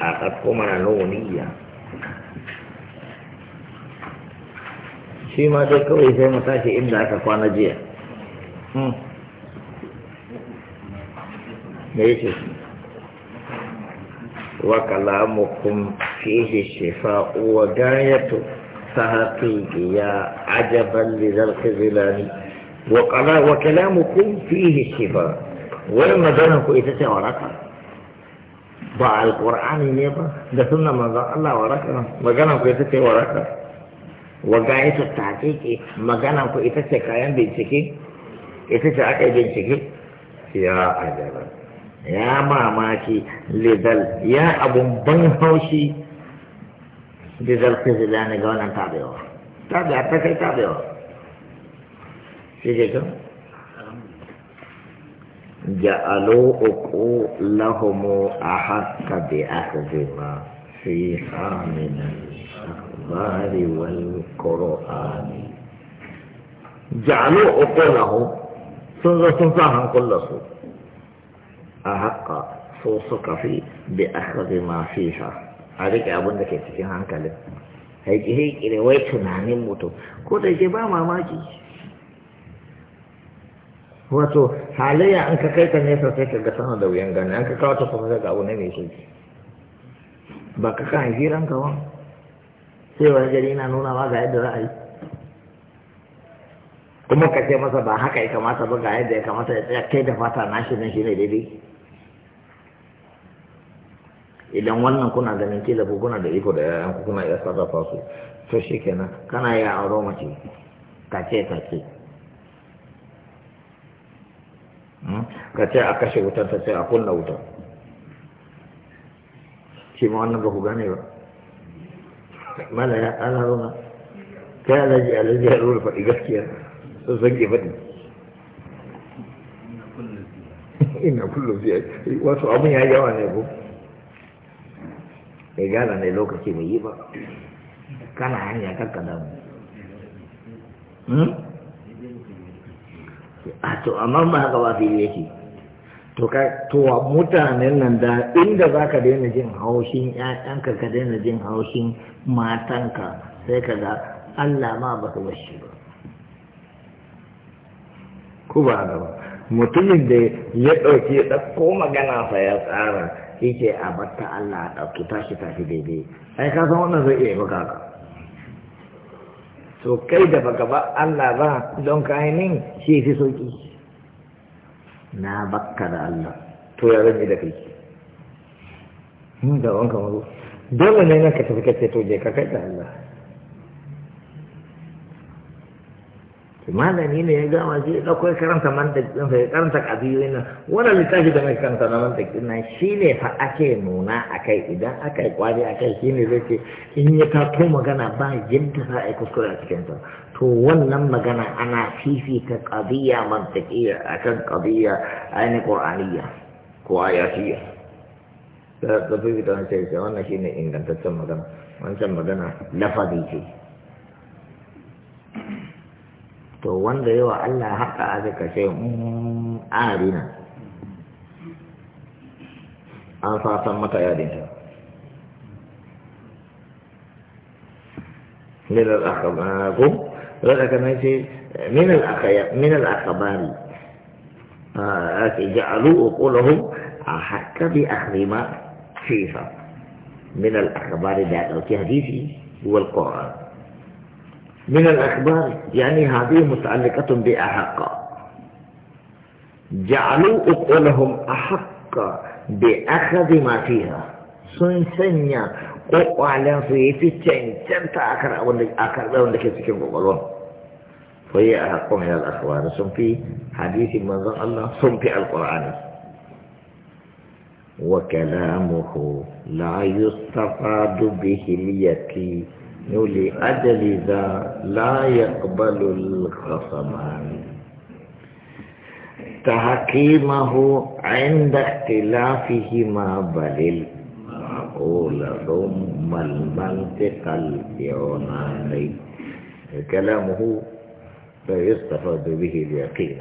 a ɗarko mana iya shi ma dai kawai sai mu tashi inda aka kwana jiya hmm. me yake wa kalamukum fihi shifa'u wa ghayatu sahatihi ya ajaban li zalqi zilani wa kala wa kalamukum fihi shifa wani magana ku ita ce waraka ba alƙur'ani ne ba da sunan manzon Allah waraka magana ku ita ce waraka wa gayatu taqiqi magana ku ita ce kayan bincike ita ce aka yi bincike ya ajaba ya mamaki lidal ya abun ban haushi lidal kizilani ga wannan tabewa tabewa ta kai tabewa shi ke kan جعلوا أقولهم أحق بأخذ ما فيها من الأخبار والقرآن جعلوا أقولهم سنزا سنزا هم كل سوء أحق سوسك في بأخذ ما فيها هذيك أبونا كيف تكون هنكلم هيك هيك إلى ويتنا نموتو كودة جبا ماماكي wato halayya an ka kai ta nesa sai ka ga sama da wuyan gani an ka kawo ta kuma daga abu ne mai sauki ba ka kan hiran ka ba sai wani gari na nuna ma ga yadda za a yi kuma ka ce masa ba haka ya kamata ba ga yadda ya kamata ya tsaya kai da fata na shi nan shi ne daidai idan wannan kuna ganin ke lafi kuna da iko da yayan kuna iya sarrafa su to kenan kana ya auro mace ta ce. Hmm? ka ce a kashe wutar ta sai a kunna wutar shi ma wannan ba ku gane ba mana ya ana runa ta yi alaji alaji ya rura faɗi gaskiya sun san ke faɗi ina kullum siya wasu abin ya yawa ne ko ya gana ne lokaci mai yi ba kana hanya ka damu hmm? a ah, to amma ba haka ba fili yake to ka to mutanen nan da inda za ka daina jin haushin ƴaƴanka ka daina jin haushin matanka sai ka ga Allah ma ba ka bashi ba ku ba ba mutumin da ya ɗauki da ko magana sa ya tsara yake a batta Allah a ɗauki tashi tashi daidai ai ka san wannan zai iya yi baka ka to kai da baka ba Allah ba don min shi fi soki na baka da Allah to ya rage da kai hmm, da wanka mazo dole ne na ka tafi ka to je ka kai da Allah malami ne ya gama shi ya ɗauko karanta mantakin sa ya karanta ƙabiyoyi nan wannan littafi da mai karanta na mantakin nan shi ne fa ake nuna a kai idan aka yi kwari a kai shi ne zai ce in ya tato magana ba yadda za a yi kuskure a cikin ta to wannan magana ana fifita ƙabiya mantakiya a kan ƙabiya ainihin ƙur'aniyya ko ayatiyya da fifita wancan wannan shi ne ingantaccen magana wancan magana lafazi ce to wanda yawa Allah haka a zai kashe mm, arina an fasan mata yadinta من الأخبار ذلك نجي من الأخيار من الأخبار جعلوا أقولهم حتى بأخذ ما فيها من الأخبار ذات الحديث والقرآن من الأخبار يعني هذه متعلقة بأحق جعلوا أقولهم أحق بأخذ ما فيها سنسنة أقوالا في تشين تنتا أنك أخر أو أنك تكون مغلون فهي أحق من الأخبار سن في حديث من الله سن في القرآن وكلامه لا يستفاد به اليتيم أجل ذا لا يقبل الخصمان تحكيمه عند اختلافهما بل المعقول ثم المنطق البيوناني كلامه لا يستفاد به اليقين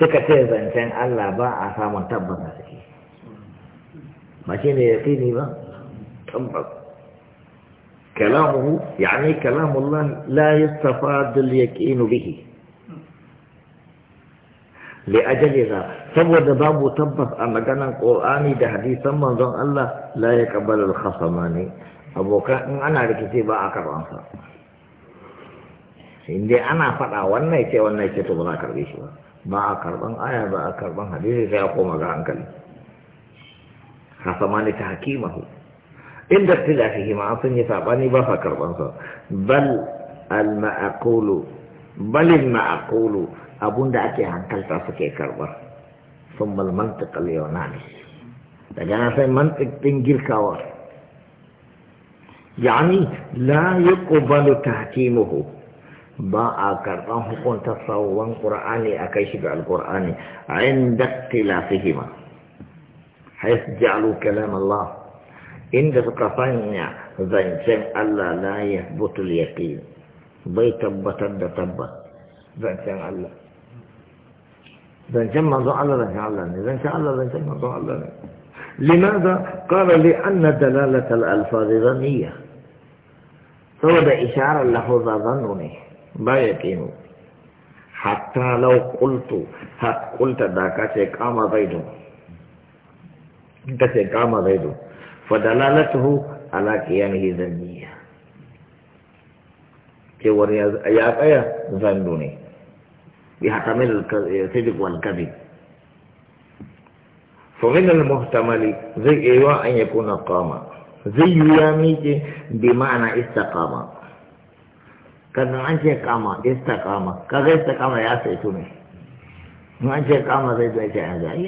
سكتير زنسان الله باع فما تبقى سكي ما شيء يقيني با تبقى كلامه يعني كلام الله لا يستفاد اليكين به لأجل ذا سبب باب أما كان القرآن ده حديثا من ظن الله لا يقبل الخصمان كان أنا لكتبا باع كرانسا indai ana faɗa wannan ce wannan ce to ba za a karɓe shi ba ba a karɓan aya ba a karɓan hadisi sai a koma ga hankali ne ta hakima hu inda tilafihi ma sun yi sabani ba sa karban sa bal al ma'qulu bal al ma'qulu abunda ake hankalta suke karba sun bal mantiq al yunani daga na sai mantiq din girkawa yani la yuqbalu tahkimuhu ba a karban hukunta sauwan qur'ani akai shi ga alqur'ani inda tilafihi ma hayas ja'alu kalam Allah inda suka fanya zancen Allah la ya butul yaƙi bai tabbatar da tabba zancen Allah zancen mazo Allah zancen Allah ne zancen Allah zancen mazo Allah ne limaza qala li an dalalat al alfaz zanniya saboda isharar lafuza zanu ne ba ya kinu hatta lau qultu hat da kace kama zaidun kace kama do fadalalatuhu ala qiyamihi zanniya cewar ya tsaya zandu ne bi hatamil sidiq wal kadhib فمن المحتمل زي ايوا ان يكون قام زي يامي بمعنى استقام كان انت قام استقام كذا استقام يا سيتوني ما انت قام زي زي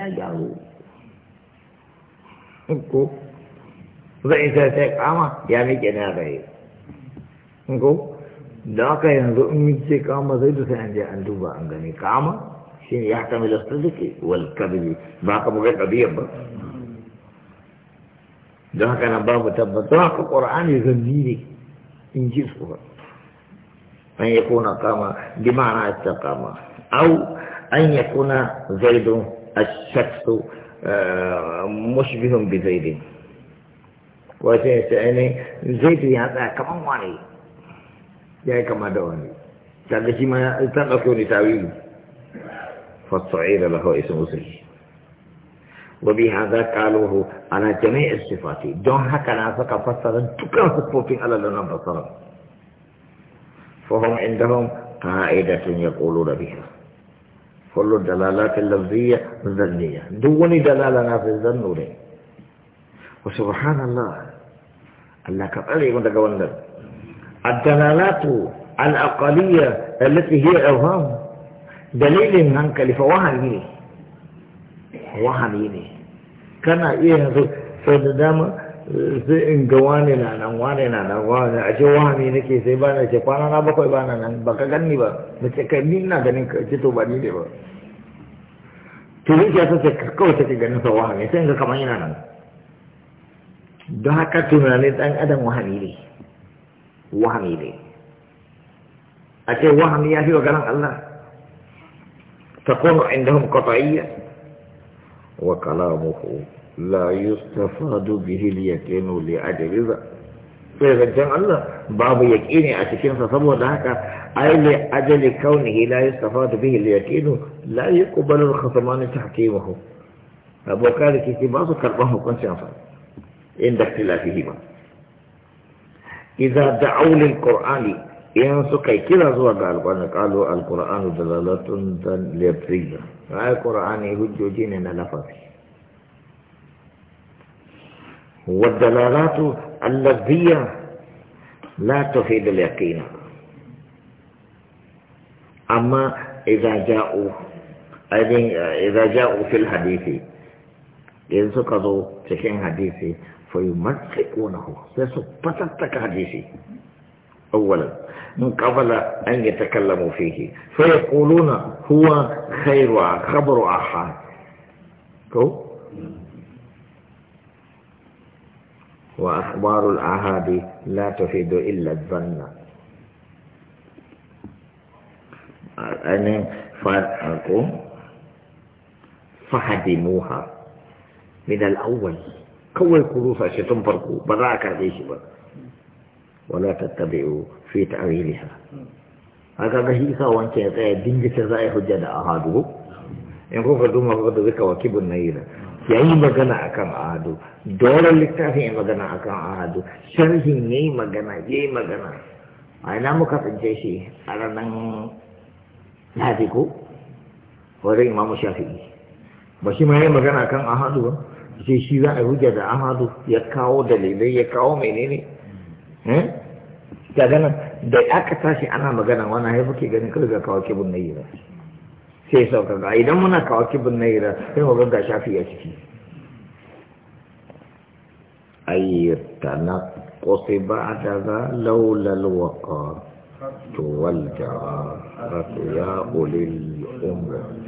يا جارو انكو zai sai sai kama ya miƙe na raye ko da aka yanzu in miƙe kama zai da sai an je an duba an gani kama shi ne ya kama da sadiki wal kabili ba ka buga kabiyar ba don haka nan babu tabbata don haka ƙur'ani zambi ne in ji su ba an ya kuna kama bi ma'ana ta kama au an ya kuna zaidun a shaksu mushbihun bi zaidin wace ce ne zai ji ya tsaya kaman wani ya yi kama da wani daga shi ma ta ɗauke wani tawili fasa'i da lahau isa musulmi وبهذا قالوه على جميع الصفات دون هكذا فك فسر تكن صفوفين على لنا بصر فهم عندهم قاعدة يقولون بها كل الدلالات اللفظية ذنية دون دلالة في الذنورين وسبحان الله Allah ka tsare mu daga wannan addalalatu al-aqaliyya allati hiya awham dalilin hankali fa wahani ne wahani ne kana iya yanzu sai da dama eh, sai in ga wani na nan wani na nan wani. a ce wahani nake sai ba na ce kwana na bakwai ba na nan ba ka ganni ba na ce kai nina ganin ka ce to ba ni ne ba to zuciya ta ce kawai take ganin sa wahani sai in ga kamar yana nan don haka tunanin ɗan adam wahami ne wahami ne a ce wahami ya fi wa ganin Allah ta kuma inda hum qat'iyya wa kalamuhu la yustafadu bihi al-yaqinu li ajli sai zancen Allah babu yaqini a cikin sa saboda haka ai li ajli kaunihi la yustafadu bihi al-yaqinu la yuqbalu al-khasmani tahkimuhu abokan rikici ba su karɓar hukuncin sa Inda filasi shi ba. Iza da'aunin Kur'ani, idan su ka kira zuwa ga al-ƙa'ani da ƙa'adu al-Kur'ani, Dallala, Tun, Zan, Liatif, Risa. Al-Kur'ani hujjoji ne na lafafi. Wa Dallalatu Allah biya. La tafi Liatif? Amma fil hadisi, idan su zo cikin hadisi. فيمسكونه فيصبتتك حديثي أولا من قبل أن يتكلموا فيه فيقولون هو خير خبر أحد كو وأخبار الأحاد لا تفيد إلا الظن أنا فهدموها من الأول kawai ku rufa shi tun farko ba za a karbe shi ba wala tattabi'u fi ta'wiliha haka ga hisa wanke ya tsaya dingita za a yi hujja da ahadu in kuka duma kuka da zika wakibun nayira ya yi magana akan ahadu dole littafin ya magana akan ahadu sharhin ya yi magana ya yi magana a ina muka tsince shi a ranar lahadi ko wajen imamu shafi'i ba shi ma ya yi magana akan ahadu ba sai shi za a ruge da ahadu ya kawo dalilai ya kawo menene eh? ga ganin da aka tashi ana magana wani haifu ke ganin kawai ga kawo kibin naira sai sauka ga idan muna kawo kibin naira sai mu ga shafi ya ciki ayyutana ba a daga laula alwaqa to wal ja'a ya ulil umar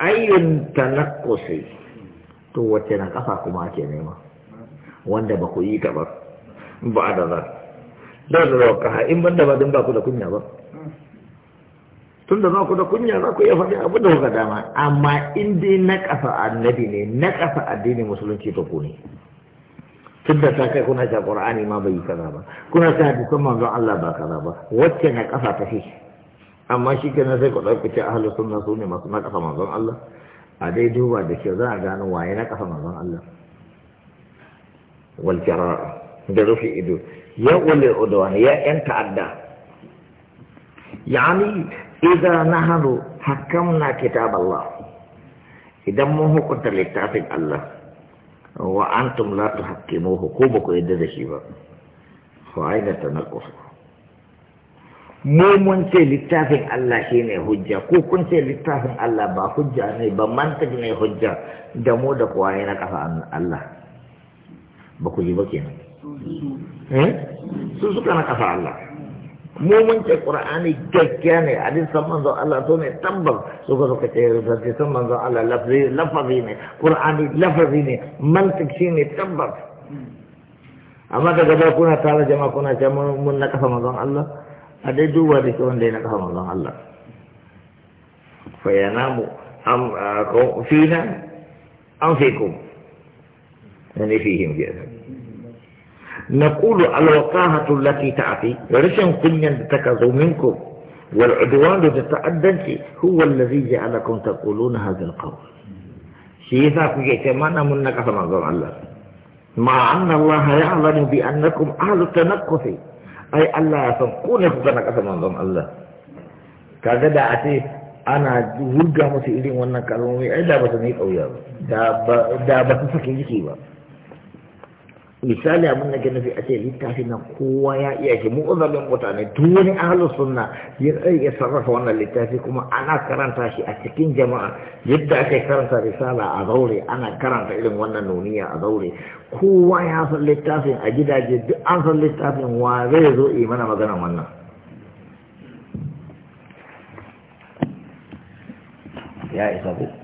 ayyun tanakkusi to wace na kafa kuma ake nema wanda ba ku yi ta ba ba da za da da ka in ban da ba din ba ku da kunya ba tun da za ku da kunya za ku iya faɗi abu da kuka dama amma in dai na kafa annabi ne na kafa addinin musulunci to ku ne tun da ta kai kuna sha qur'ani ma bai yi kaza ba kuna sa hadisan manzo Allah ba kaza ba wacce na kafa ta shi amma shi kenan sai ku ɗauki ce ahalus sunna su ne masu na ƙasa manzon Allah a dai duba da ke za a gano waye na ƙasa manzon Allah wal da rufe ido ya wale udwan ya ƴan ta'adda yani idan nahanu hakamna kitab Allah idan mun hukunta littafin Allah wa antum la tuhaqqimuhu ko ba ku yadda da shi ba fa aina tanaqquhu mu mun ce littafin Allah shi ne hujja ko kun ce littafin Allah ba hujja ne ba mantaj ne hujja da mu da kuwa ne na kafa Allah ba ku ji ba kenan eh? su suka na kafa Allah mu mun ce qur'ani gaggiya ne san manzon Allah to ne tambar su ka suka ce san manzon Allah lafazi ne qur'ani lafazi ne mantaj shi ne tambar amma daga ba kuna tare jama'a kuna ce mun na kafa manzon Allah ada dua di tuan dia nak ya Allah Allah faya namu am ko fina am fikum ini fihim kenan نقول على الوقاهة التي تعطي رشن كنيا تكذو منكم والعدوان تتعدد هو الذي جعلكم تقولون هذا القول شيثا في كمان منك فمنظر الله مع أن الله يعلم بأنكم أهل التنقص ai Allah ya san ko ne ku na kasa manzon Allah kaga da a ce ana wurga musu irin wannan kalmomi ai da ba su ne kauya ba da ba su sake yake ba misali abin da ke nufi a ce littafi na kowa ya iya shi mu mutane tuni a halin suna ya ya sarrafa wannan littafi kuma ana karanta shi a cikin jama'a yadda aka karanta risala a zaure ana karanta irin wannan nuniya a zaure kowa ya san littafin a gidaje duk an san littafin wa zai zo yi mana magana wannan ya isa